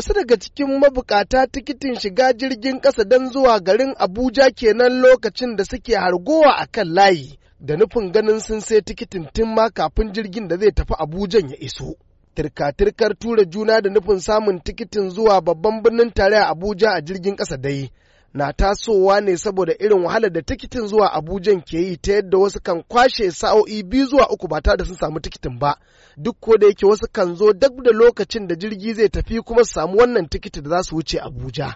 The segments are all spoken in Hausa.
wasu daga cikin mabukata tikitin shiga jirgin ƙasa don zuwa garin Abuja kenan lokacin da suke hargowa a kan layi da nufin ganin sun sai tikitin tun ma kafin jirgin da zai tafi Abujan ya iso. Tirka-tirkar tura juna da nufin samun tikitin zuwa babban birnin tare a Abuja a jirgin ƙasa dai na tasowa ne saboda irin wahalar da tikitin zuwa Abuja ke yi ta yadda wasu kan kwashe sa'o'i biyu zuwa uku ba tare da sun samu tikitin ba. Duk ko da yake wasu kan zo duk da lokacin da jirgi zai tafi kuma su samu wannan tikiti da za su wuce Abuja.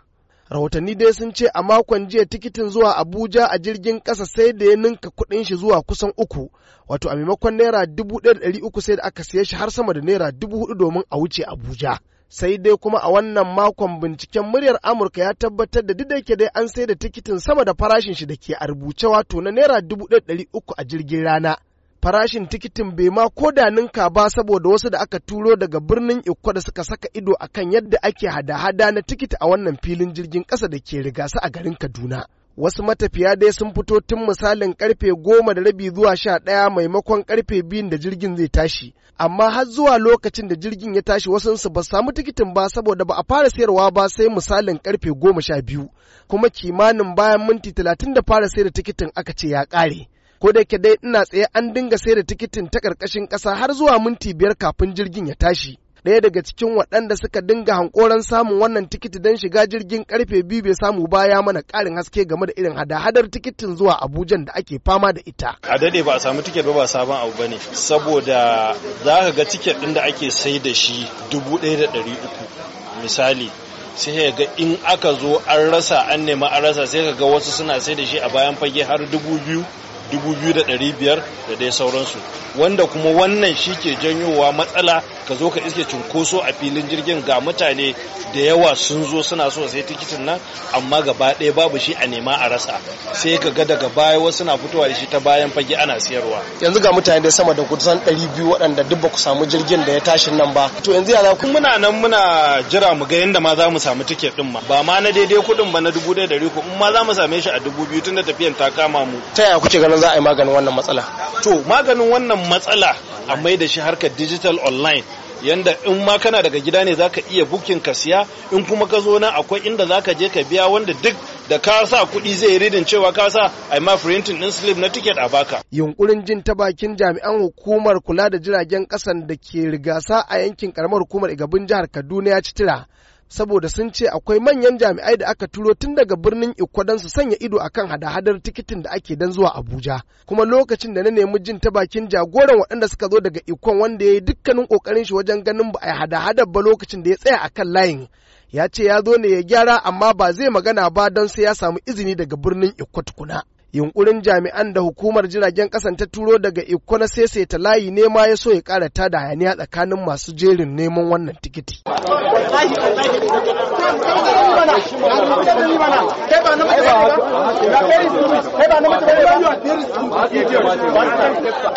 Rahotanni dai sun ce a makon jiya tikitin zuwa Abuja a jirgin kasa sai da ya ninka kuɗin shi zuwa kusan uku, wato a maimakon naira dubu ɗaya da ɗari uku sai da aka siya shi har sama da naira dubu hudu domin a wuce Abuja. sai dai kuma a wannan makon binciken muryar amurka ya tabbatar da duk dai an sai da tikitin sama da farashin shi da ke a rubuce wato na naira dubu uku a jirgin rana farashin tikitin bai ma ko da ninka ba saboda wasu da aka turo daga birnin ikko da suka saka ido akan yadda ake hada-hada na tikiti a wannan filin jirgin ƙasa da ke rigasa a garin kaduna wasu matafiya dai sun fito tun misalin karfe goma da rabi zuwa sha ɗaya maimakon karfe biyun da jirgin zai tashi amma har zuwa lokacin da jirgin ya tashi wasunsu ba samu tikitin ba saboda ba a fara sayarwa ba sai misalin karfe goma sha biyu kuma kimanin bayan minti talatin da fara sayar da tikitin aka ce ya kare. ko da yake dai ina tsaye an dinga sayar da tikitin ta ƙarƙashin ƙasa har zuwa minti biyar kafin jirgin ya tashi ɗaya daga cikin waɗanda suka dinga hankoran samun wannan tikiti don shiga jirgin karfe biyu bai samu baya mana ƙarin haske game da irin hada-hadar tikitin zuwa abujan da ake fama da ita a daɗe ba a samu tiket ba ba sabon abu ba ne saboda za ka ga tiket ɗin da ake sai da shi dubu ɗaya da ɗari uku misali sai ya ga in aka zo an rasa an nema an rasa sai ka ga wasu suna sai da shi a bayan fage har dubu biyu dubu biyu da ɗari biyar da dai sauransu wanda kuma wannan shi ke janyowa matsala ka zo ka iske cunkoso a filin jirgin ga mutane da yawa sun zo suna so sai tikitin nan amma gaba ɗaya babu shi a nema a rasa sai ka ga daga baya wasu na fitowa da shi ta bayan fage ana siyarwa yanzu ga mutane da sama da kusan 200 waɗanda duk ba ku samu jirgin da ya tashi nan ba to yanzu ya ku muna nan muna jira mu ga yanda ma za mu samu tiket din ma ba ma na daidai kuɗin ba na 1,300 in ma za mu same shi a 2,000 tunda tafiyan ta kama mu ta yaya kuke ganin za a yi maganin wannan matsala to maganin wannan matsala a mai da shi harkar digital online yanda in ma kana daga gida ne zaka iya bukin ka siya in kuma ka zo na akwai inda zaka je ka biya wanda duk da ka sa kuɗi zai yi ridin cewa ka sa ai ma printing din slip na ticket a baka yunkurin jin ta bakin jami'an hukumar kula da jiragen kasan da ke rigasa a yankin karamar hukumar Igabin jihar Kaduna ya citira. saboda sun ce akwai manyan jami'ai da aka turo tun daga birnin iko don su sanya ido akan hada-hadar tikitin da ake dan zuwa Abuja. Kuma lokacin da na nemi jin ta bakin jagoran waɗanda suka zo daga ikon wanda ya yi dukkanin ƙoƙarin shi wajen ganin ba a yi hada-hadar ba lokacin da ya tsaya akan layin. Ya ce ya zo ne ya gyara amma ba zai magana ba don sai ya samu izini daga birnin Ikwa tukuna. yunkurin jami'an da hukumar jiragen kasan ta turo daga ikko na ta layi ne ma ya so ya kara ta da hayaniya tsakanin masu jerin neman wannan tikiti.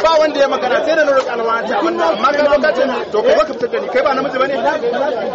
ba wanda ya magana sai da na roƙi alwata amma kai lokacin to ka ka fitar da ni kai ba namiji bane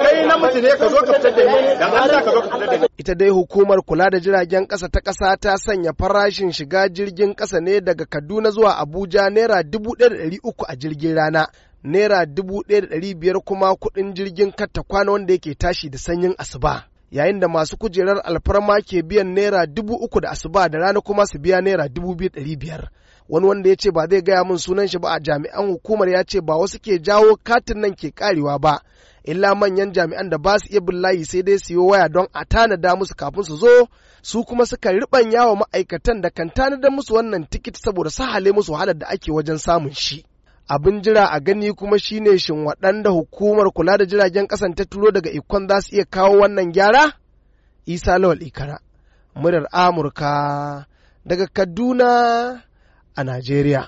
kai namiji ne ka zo ka fitar da ni dan Allah ka zo ka fitar da ni ita dai hukumar kula da jiragen ƙasa ta ƙasa ta sanya farashin shiga jirgin ƙasa ne daga Kaduna zuwa Abuja naira dubu ɗaya da ɗari uku a jirgin rana naira dubu ɗaya da ɗari biyar kuma kuɗin jirgin kattakwana wanda yake tashi da sanyin asuba yayin da masu kujerar alfarma ke biyan naira dubu uku da asuba da rana kuma su biya naira dubu biyu ɗari biyar wani wanda ya ce ba zai gaya min sunan shi ba a jami'an hukumar ya ce ba wasu ke jawo katin nan ke karewa ba illa manyan jami'an da ba su iya billahi sai dai su yi waya don a tanada musu kafin su zo su kuma suka riɓanya wa ma'aikatan da kan tanada musu wannan tikiti saboda sahale musu wahalar da ake wajen samun shi abin jira a gani kuma shine shin waɗanda hukumar kula da jiragen ƙasan ta turo daga ikon za su iya kawo wannan gyara isa lawal ikara murar amurka daga kaduna a Najeriya.